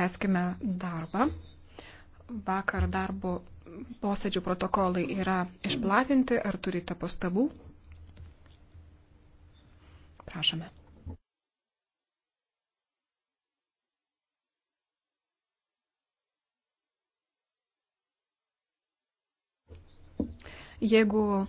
Teskime darbą. Vakar darbo posėdžių protokolai yra išplatinti. Ar turite pastabų? Prašome. Jeigu